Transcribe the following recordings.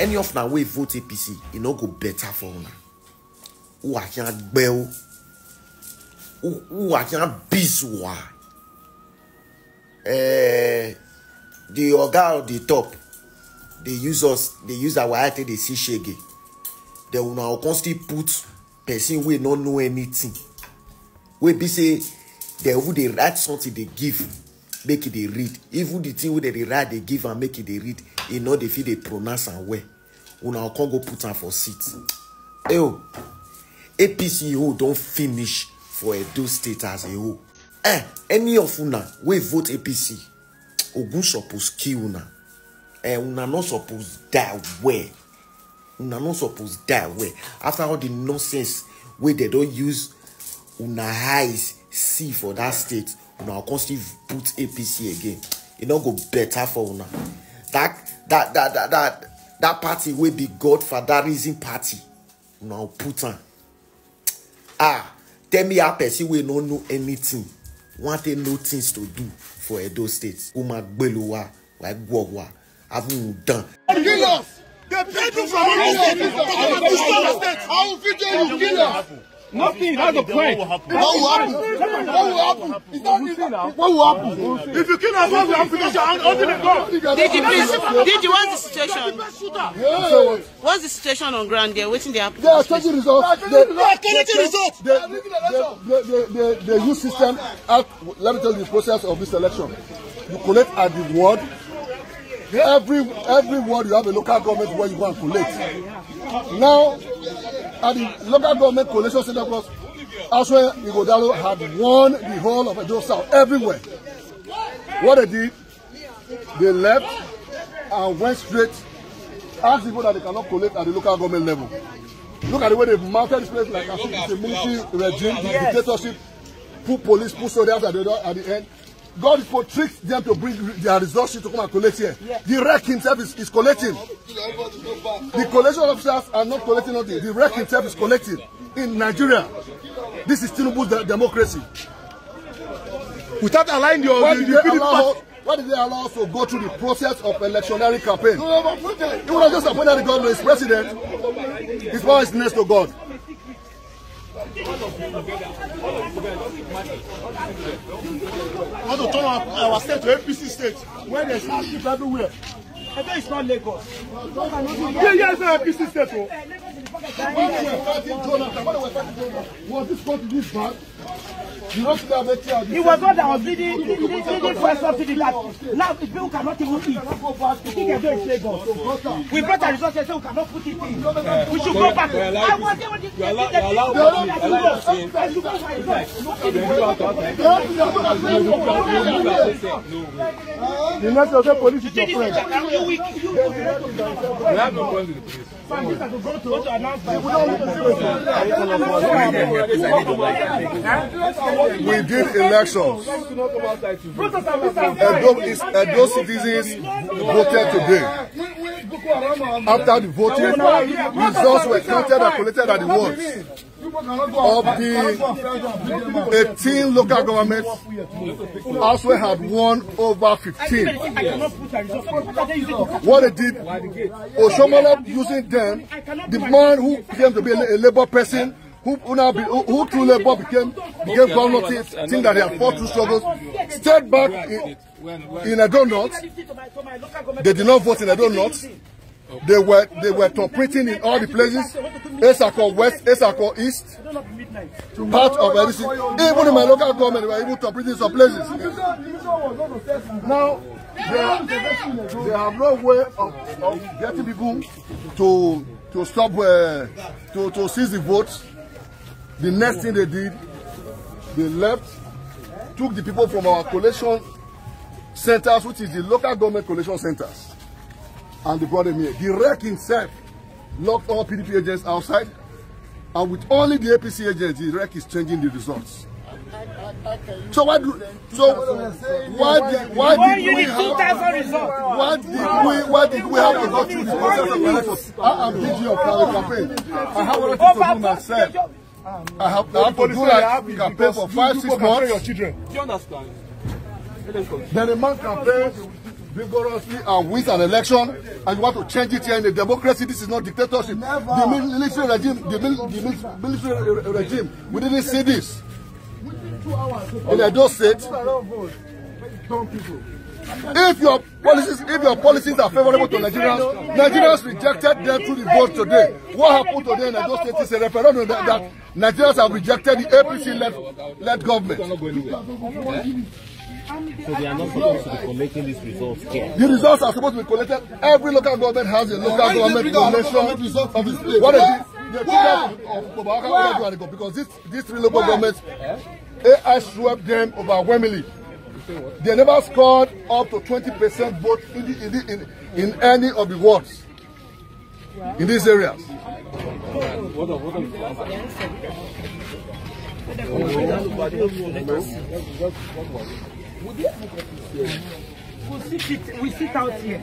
any of na wey vote apc e no go better for una who akin gbẹ́wó who akin bizwa eh, the oga on the top dey use us dey use our eye take dey see shege then una o come still put person wey no know anything wey be say dem who dey write something dey give make e dey read even the thing wey dem dey write dey give am make e dey read e no dey fit dey pronounce am well una go come go put am for seat eyo apc whole don finish for edo state as a whole eh any of una wey vote apc ogun suppose kill una eh una no suppose die well una no suppose die well after all the nonsense wey dem don use una eyes see for that state una come still put apc again e no go better for una that that that that that, that party wey be godfather reason party una put am ah tell me how person wey no know anything wan take know things to do for edo state o ma gbelu wa wa gbọ wa havun dan. kill us dey pay you for our state from our state how you fit dey you kill us. Nothing. That's the point. What will happen? What will happen? What will happen? If you kill us, what will happen? Because you are holding the gun. Did you please? Did you? What's the situation? What's the situation on ground there? Waiting the application. They are changing results. They are changing results. The youth system. let me tell you the process of this election. You collect at the ward. Every every ward you have a local government where you go and collect. Now at the local government coalition center cross elsewhere Ighodalo had won the whole of Edo South everywhere. What they did, they left and went straight, asked people that they cannot collect at the local government level. Look at the way they've mounted this place like as if it's a military regime, yes. dictatorship, put police, put soldiers at the, at the end. God is for tricks them to bring their resources to come and collect here. Yeah. The rec himself is, is collecting. The collection officers are not collecting nothing. The rec himself is collecting in Nigeria. This is Tinubu's democracy. Without aligning your, why did the they allow, Why did they allow us to go through the process of electionary campaign? It would have just appointed the government as president. His power is next to God. I want to turn our, state to APC state where there's hardship everywhere. I think it's not Lagos. Yeah, yeah, it's not APC state. Oh. When we were fighting Jonathan, when we were fighting Jonathan, was this country this bad? You know today I bet It was God that was leading, leading, leading for us to that. Now the people cannot even eat. We thing they're doing is We brought our resources so we cannot put it in. We should go back. I want was there when this thing that you know. You know, police is your friend. We have no problem with the police. We did elections. Edo, is, citizens voted today. After the voting, results were counted and collated at the wards of the 18 local governments also had won over 15. What they did, Oshomola using them, the man who came to be a labor person, who, who now be, who, who through labor became became governor, think that they have fought through struggles, stayed back in, in Edo North. They did not vote in a donut. They were they were operating in all the places. Esako West, Esako East, part of everything. Even in my local government, they were able to operate in some places. Now, they, are, they have no way of, of getting people to to stop uh, to to seize the votes. The next thing they did, they left, took the people from our collation centers, which is the local government collation centers and they brought him here. The wreck himself locked all PDP agents outside, and with only the APC agents, the wreck is changing the results. So why do so why did why did we have why did we why did we have a virtual process of I am DG of campaign. I have already told myself. I have, I have to do like You can pay for five, six months. Do you understand? Then a man campaigns vigorously and wins an election and you want to change it here in a democracy this is not dictatorship the military regime the, military regime we didn't see this in Edo State if your policies if your policies are favorable to Nigerians Nigerians rejected them through the vote today what happened today in Edo State is a referendum that, Nigerians have rejected the APC led, led government So they are not supposed to be collecting these results here. The results are supposed to be collected. Every local government has a local government collection of place. What is it? The of because these these three local Why? governments AI swept them overwhelmingly. They never scored up to 20% vote in, the, in, the, in, in any of the wards in these areas. We sit, we sit out here.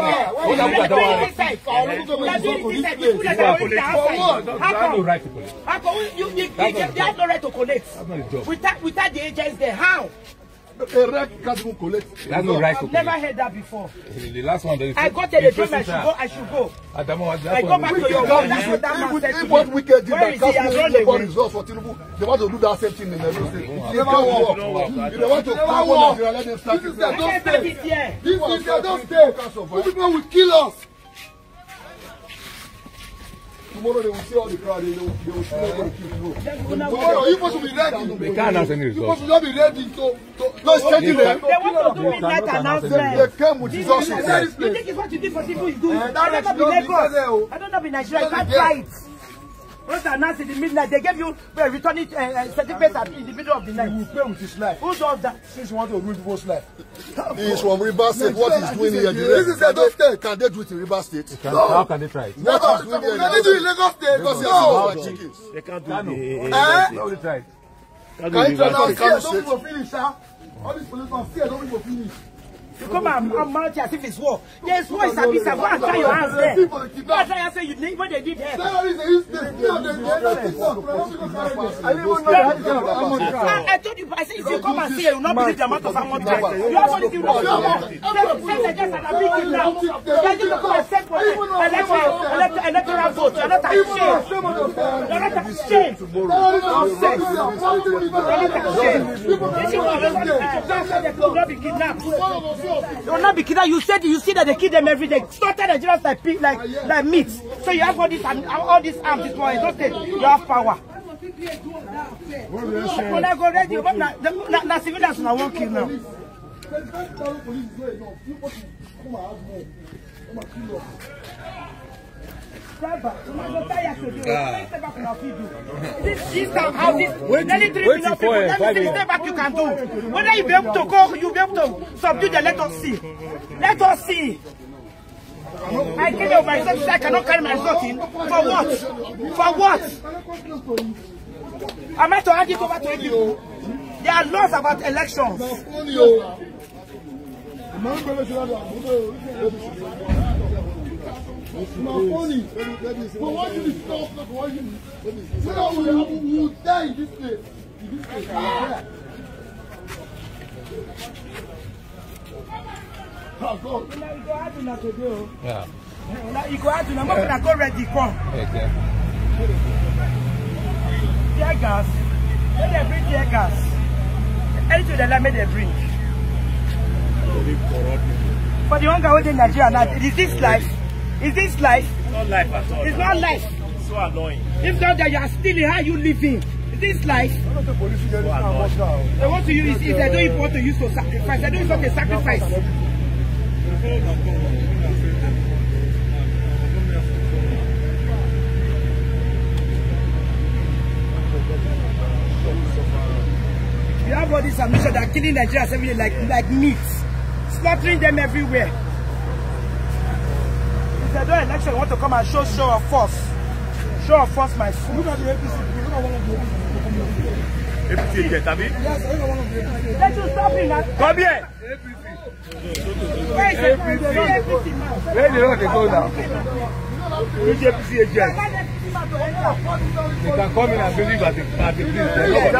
What have you done? How come? How come? You, you, you, you, you have no right to collect. Without, without the agents there, how? a rake can't even collect. That's no right. I've never heard that before. The last one. I got a dream. I should go. I should go. Adamo, I go back to your house. That's what that man said What wicked did that cast me for results for Tinubu? They want to do that same thing in every state. It never work. they want to come on Nigeria, let them start This is their don't stay. This is their don't stay. People will kill us tomorrow they will see all the crowd, they will, they will still not going keep road. Tomorrow, you're supposed to be ready. They can't announce any result. you supposed to be ready to, to no, schedule them. They want to do midnight announcement. They came with Jesus. You think it's what you did for people is do. Eh, eh, oh. I don't know be Lagos. I don't know be Nigeria. You can't try Those are announced in the midnight. They gave you uh, returning uh, uh, certificate at, in the middle of the night. He will pay with his life. Who does that? Since you want to ruin people's life. He is from River State. What is doing here, this is Edo State. Can they do it in River State? Can, no. How can they try it? Never. Can they do it in Lagos State? Because no. They, chickens. they can't do it. Eh, eh? eh, How can they try it? Can you try it? Don't people finish, sir? All these policemen, see, don't people finish. You come and, and mount it as if it's war. Yes, war is a piece of war. Try your hands there. That's why I say you need what they did there. I told you, I said if you come and see, you will not believe the amount of amount you have. You have only the war. Send the gas and I'm beating now. You're going to come and send for electoral vote. You're not ashamed. You're not ashamed. You're not ashamed. You're not ashamed. This is what I'm saying. That's why they could not be kidnapped not be Bikira, you said you see that they kill them every day. Slaughtered Nigerians like pig, like like meat. So you have all this and all this arms this morning. Don't say you have power. When I go ready, but civilians na won't now. Come and ask more. Come and driver. Tomorrow go do. This time how this wait, nearly three million people. Let me see the you can do. Whether you be able to go, you be able to subdue them. Let us see. Let us see. I came here with my I cannot carry my results in. For what? For what? Am I to hand it over to you? There are laws about elections. Now, only, but what you stop, not what you So that we have, we will die in this place. In this place, we will die. Yeah. You go out to the go ready, come. Exactly. Tear gas. Let them bring tear gas. Anything they I made them bring. For the hunger within Nigeria now, it is this life. Is this life? It's not life at all. It's not life. It's so annoying. If not that you are stealing, how you living? Is this life? The police so annoying. Oh. They want to use it. They don't want to use for sacrifice. They don't want for sacrifice. You have all these ambition that are killing Nigerians every day like, like meat, slaughtering them everywhere. If they do election, want to come and show show of force. Show of force, my school. Look at the APC. Look at one of the APC. APC get, have Yes, I one of the APC. Let you stop him. Come here. APC. Where is APC? APC Where the road they go now? Which APC agent? They can come in and believe at the, at the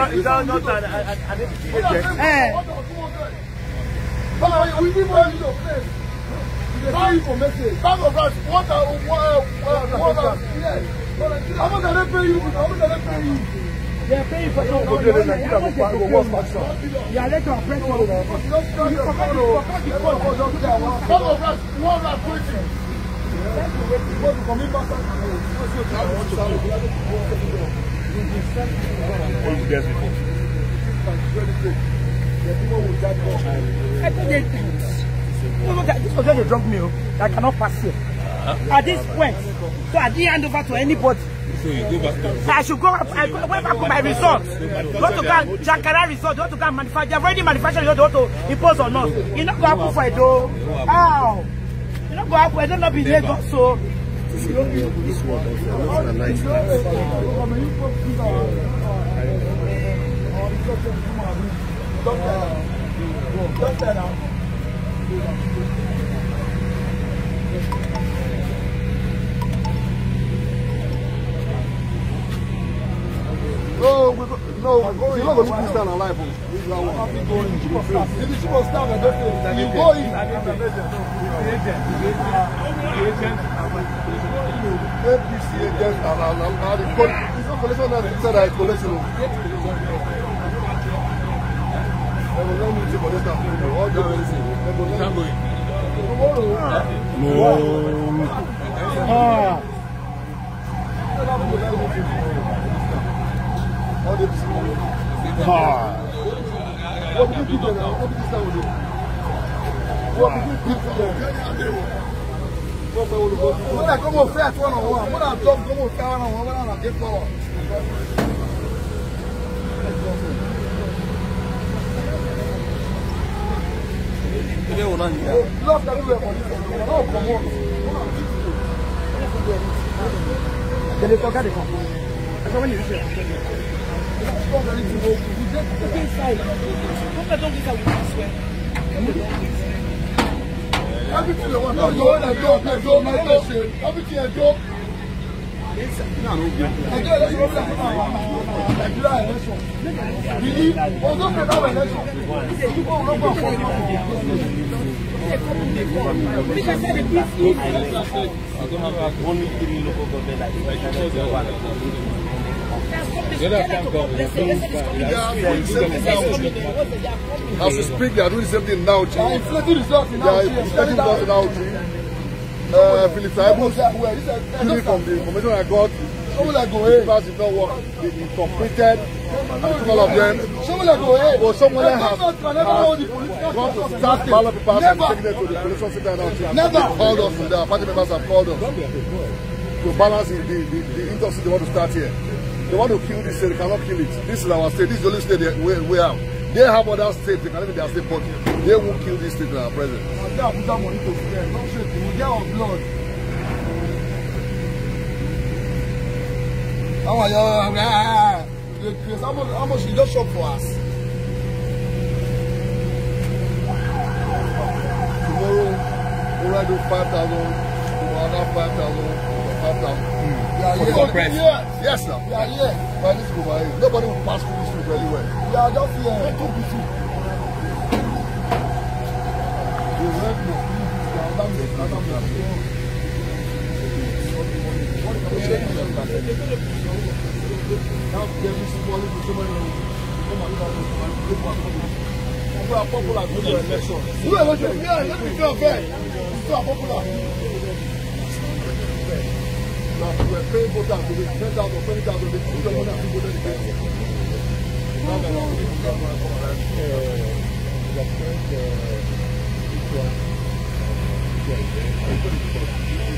place. Is that not an, an, an APC agent? Eh. We give money to place. Sorry for message. Bag of rice. What are what uh, what are yes. How much are they paying you? How much are they paying you? They are paying for your money. You are led to oppress one another. You forgot the forgot the Bag of rice. One rice twenty. Because you commit massacre. What did you guys before? I thought they No, no, this was just a drug meal that cannot pass here. Uh, at this point, so I didn't hand over to anybody. So you go back to I should go up, I go, went back to my resort. You want to go and Jakarta resort, you want to go and manufacture. They've already manufactured, you want to impose or not? You not go up for it, Edo. How? You not going to happen, Edo not be Lagos, so. This world Doctor No, no, we're going. You're not going to stand alive. We're going to go in. If it's supposed to stand, I don't think you go in. Agent, agent, agent. now the collection that is inside our collection mo ah. ilé wò náà nìyà. lọ́ọ̀tà ló wẹ̀ pọ̀ ní ìṣẹ̀lẹ̀ náà kọ̀ mọ́ Tẹ̀lé kọ́ káde kan. Ẹ sọ wọ́n lè rí ṣe. Everything you want, no, you want to go, no, go, my person. Everything you do. Ẹjọ́ ìlú ìlú ìlú àwọn àwọn àwọn. Nigeria election. The although federal election, people will not go for As we speak, they are doing the same thing now. They are inflating results in our uh, country. Philip Saibu, from the information I got, Someone that go ahead. Papers did not work. They been completed. And all of them. Someone that go ahead. Or someone that has, has gone to start ballot papers and taken it to the political center and all Never. called us. The party members have called us to balance the, the, the, the industry they want to start here. They want to kill this state. They cannot kill it. This is our state. This is the only state they, we, we have. They have other states. They can live in their state, but they won't kill this state in our presence. They have put that money to spend. Not sure. They will get our blood. How much, how much you just shop for us? Tomorrow, we will do 5,000, another 5,000, 5,000. For Yeah, press? Yes, yes, sir. Yeah, yeah. here. But this is over here. Nobody will pass through this street very Yeah, We are just here. Let go with you. You help me. Madam, madam, madam. We are popular with the election. We are popular. We are popular. Now, we are paying voters to be 10,000, 20,000, 2,000 people against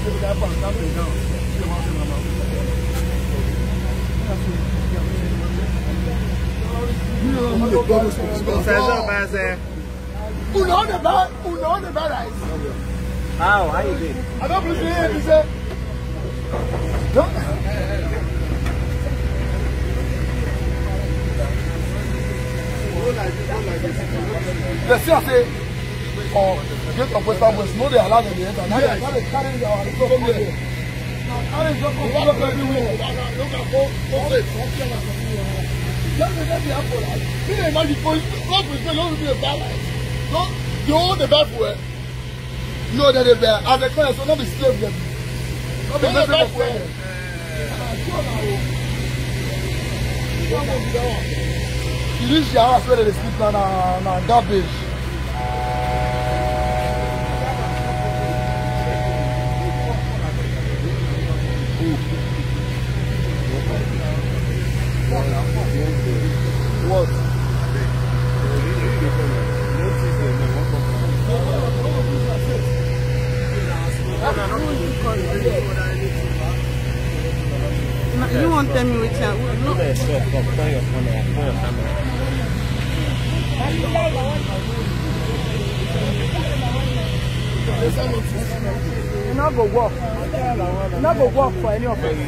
Professor don't believe you, or gate of western west no dey allow dem dey enter na dey carry carry our resource go there na carry resource go there everywhere. Just because they have for life, see the magic for God will say, "Don't be a bad life." Don't the whole the bad way. No, that they were as a kind so not be slave them. Not be slave of where. You reach your house where they sleep na na na garbage. tell me wetin I will know. Turn You no work. You no work for any of us.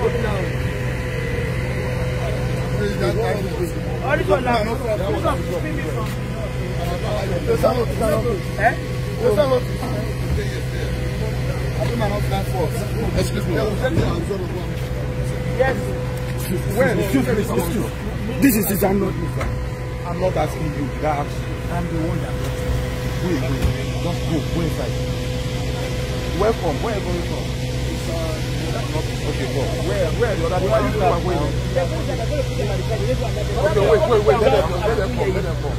Horizon Excuse me. Yes. When? Excuse me. This is his I'm not. I'm not asking you. That I'm the one that. Wait, wait. Just go. Go inside. Welcome. Where are you going from? not okay where where the other one you go okay wait wait wait let them come let them come let them come let them come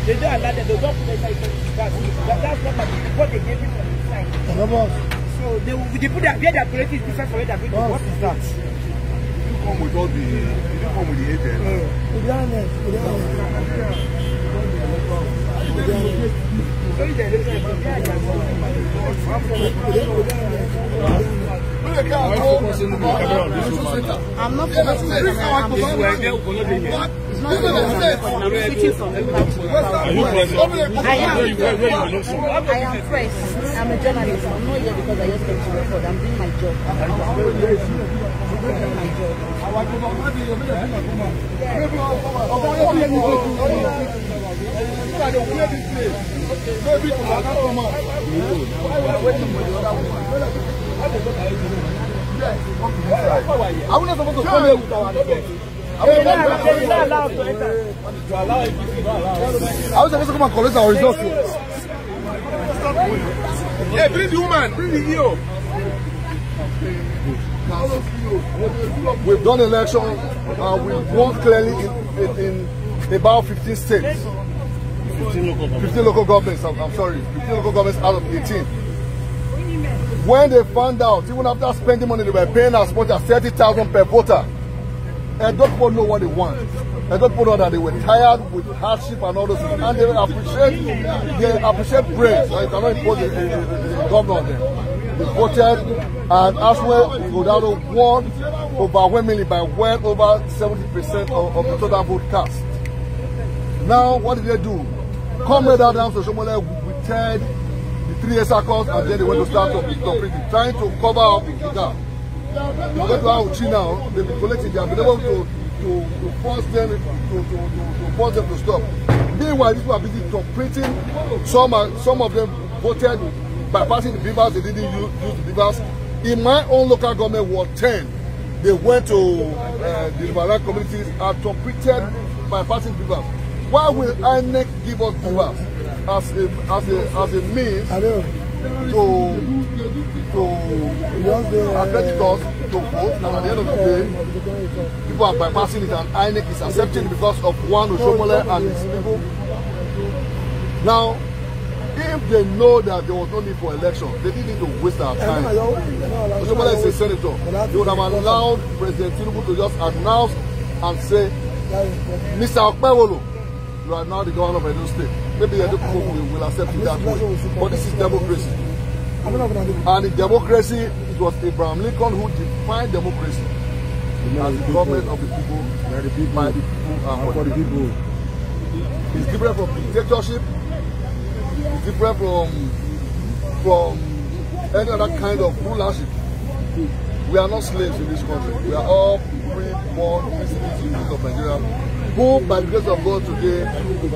they don't allow them they don't put them inside that's that's not what they gave me for the sign so they they put their where their priority is different from their priority what is that you come with all the you come with the agent to be honest to I'm not I'm not. Are you pressed? I am. I am pressed. I'm a journalist. I'm not here because I just came to record. I'm doing my job. I'm doing my job. Maybe to another woman. Why were you waiting for the other woman? Are we not supposed to come here with supposed to come and collect our results here? bring the woman, bring the EO. We've done election and uh, we've won clearly in, in about 15 states. 15 local governments, I'm, I'm sorry. 15 local governments out of 18. When they found out, even after spending money, they were paying as much as 30,000 per voter. And those people know what they want. And those people know that they were tired with hardship and all those things. And they appreciate, they appreciate praise. Like, I cannot impose the, the, the, the governor on them. They voted, and as well, Godado won overwhelmingly by well over 70% of, of the total vote cast. Now, what did they do? Comrade Adams there withheld the three circles and then they want to start operating, trying to cover up the gap. You go to Auchi now, they've been collecting, they have been able to, to, to force them to, to, to, to force them to stop. Meanwhile, these people are busy operating. Some some of them voted by passing the beavers, they didn't use, use the beavers. In my own local government ward 10, they went to uh, the Liberal communities and operated bypassing beavers. Why will INEC give us beavers? as a as a as a means to, to to us to vote and at the end of the day people are bypassing it and INEC is accepting it because of one Oshomole and his people. Now if they know that there was no need for election, they didn't need to waste our time. Oshomole is a senator. They would have allowed President Tinubu to just announce and say, Mr. Okpewolo, Right now the governor of Edo State. Maybe Edo people will, will accept you that way. But this is democracy. And in democracy, it was Abraham Lincoln who defined democracy as the government of the people, by the people, and for the people. It's different from dictatorship. It's different from from any other kind of rulership. We are not slaves in this country. We are all free, born, citizens of Nigeria who, by the grace of God today,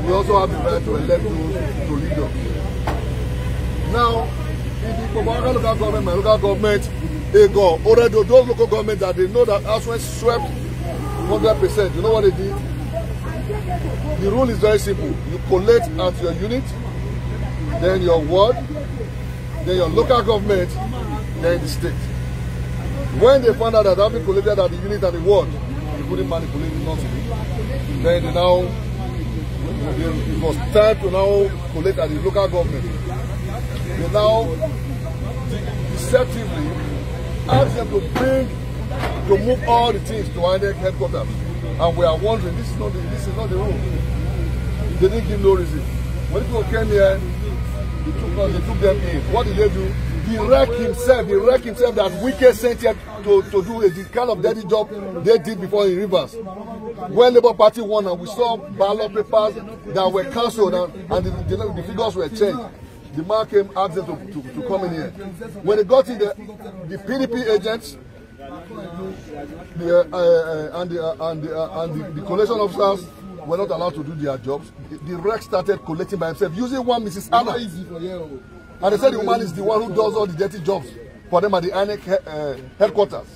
we also have the right to elect those to lead us. Now, in the Kobaga local government, my local government, they go. Already those local governments that they know that Aswan swept 100%, you know what they did? The rule is very simple. You collect at your unit, then your ward, then your local government, then the state. When they found out that having collected at the unit and the ward, they couldn't manipulate it not Then now, it was time to now collect at the local government. They now deceptively ask them to bring, to move all the things to INEC headquarters. And we are wondering, this is not the, this is not the rule. They didn't give no reason. When people came here, they took, they took them in. What did they do? He wrecked himself. He wrecked himself that wicked sent him to, to do a, the kind of dirty job they did before in Rivers. When Labour Party won and we saw ballot papers that were cancelled and, and the, the, the figures were changed, the man came asked them to, to, to come in here. When they got in, the, the PDP agents the, uh, uh, uh, and, the, uh, and, the, uh, and the, the collation officers were not allowed to do their jobs. The, the wreck started collecting by himself using one Mrs. Anna. And they said the woman is the one who does all the dirty jobs for them at the INEC uh, eh, headquarters.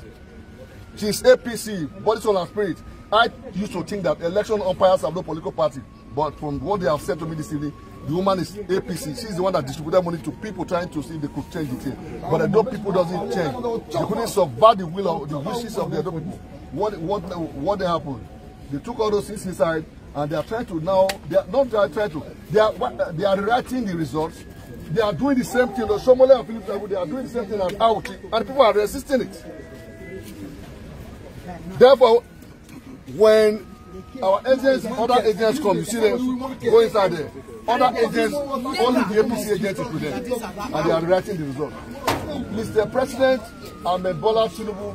She's APC, body, soul, and spirit. I used to think that election umpires have no political party. But from what they have said to me this evening, the woman is APC. She's the one that distributed money to people trying to see if they could change the thing. But the dope people doesn't change. They couldn't survive the will of the wishes of the dope people. What what what happened? They took all those things inside and they are trying to now they are not trying to they are they are rewriting the results They are doing the same thing. The Somali and Philippines, they are doing the same thing and out. And people are resisting it. Therefore, when our agents, other agents come, you see them go inside there. Other agents, only the APC agents is with And they are writing the result. Mr. President Ahmed Bola Tinubu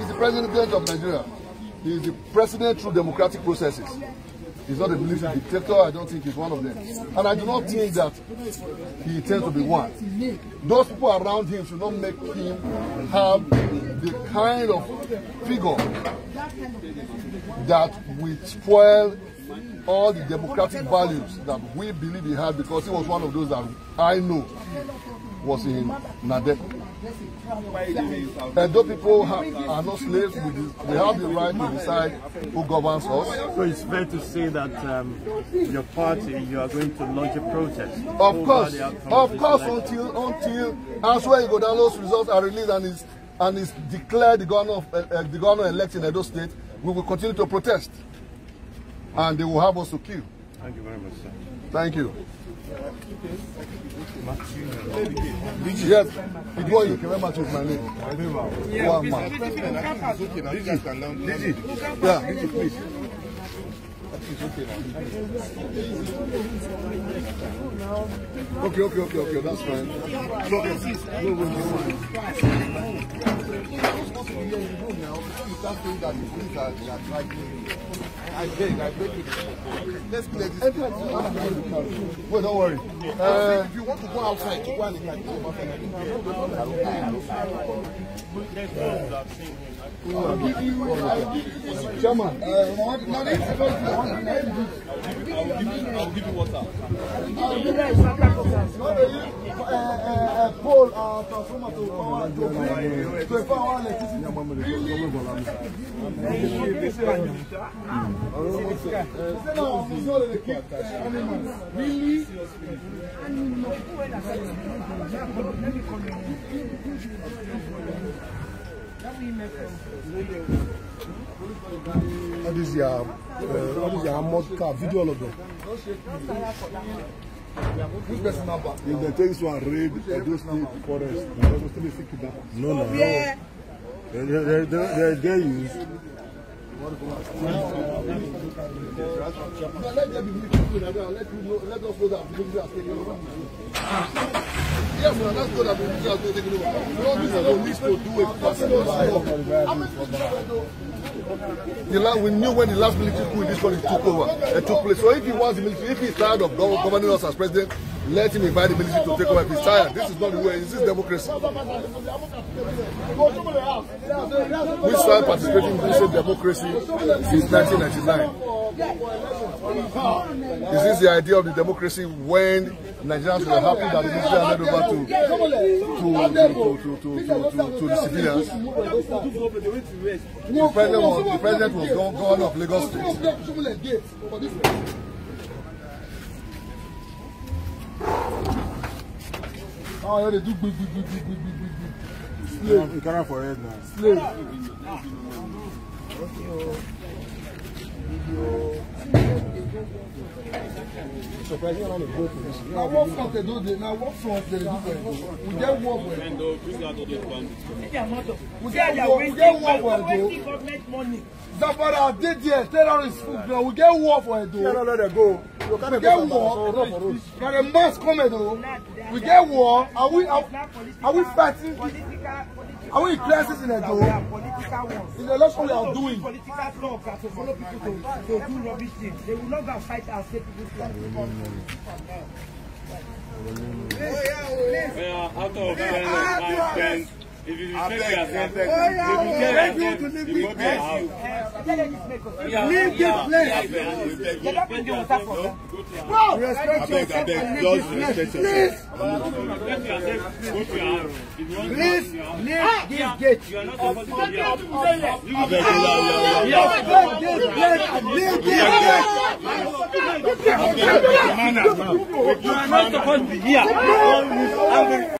is the president of Nigeria. He is the president through democratic processes. He's not a believing dictator. I don't think he's one of them. And I do not think that he intends to be one. Those people around him should not make him have the kind of figure that would spoil all the democratic values that we believe he had because he was one of those that I know was in Nadeko. And those people have, are not slaves, we, we have the right to decide who governs us. So it's fair to say that um, your party, you are going to launch a protest. Of course, of course, until until as Answer Igodalo's results are released and is and is declared the governor of, uh, the governor elect in Edo State, we will continue to protest, and they will have us to kill. Thank you very much, sir. Thank you. Yes, It boy you can remember with my name. Yeah, One man. Yeah, please. Okay, okay, okay, okay, that's fine. No, no, no, no. You Let's clear this. Wait, don't worry. Uh, if you want to go outside, go and go outside. Chairman, I'll give you water. I'll give you water. Paul, uh, transformer to power to power electricity. Really? What is your uh, what is your mod car video logo. of them? Which person number? If they take this one raid Edo State forest, they will still be sick kidnappers. No, no, no. They, they, they, they, they're used let them be beautiful and let you know, let us know that believers are taking over. Yes, man, let's know that believers are taking over. We don't need to do it. How many people do The last, we knew when the last military coup in this country took over, and took place. So if he wants the military, if he's tired of governing us as president, let him invite the military to take over if he's tired. This is not the way. This is democracy. We started participating in this democracy since 1999. Is This the idea of the democracy when Nigerians were happy that the military handed over to to to to to to, to, to the civilians. The president was the president was gone of Lagos State. Oh, yeah, they do big, big, big, big, big, big, big, Slave. You can't for head now. Slave. Okay. Surprising amount of growth for this. Now what front they do now what front they do there? We get work well. And they'll bring out other plans. We get work, we get work well though. Zamfara dey there, terrorists full ground. We get war for Edo. No, no, no, go. We get war. Now the mass come Edo. We get war. Are we are, are we fighting? Are we places in a? are political ones. In the election we are doing. Political clubs are to follow people to, to do rubbish things. They will not go and fight and say people to yeah, out of 10, If you take your friend, if you take your friend, if you take your house. Leave this place. They don't bring the water for them. Bro, respect yourself and leave this place. Please. Go to your house. Please, leave this gate. You are not supposed to be here. Abeg, leave this gate. Leave this gate. You are not supposed to be here.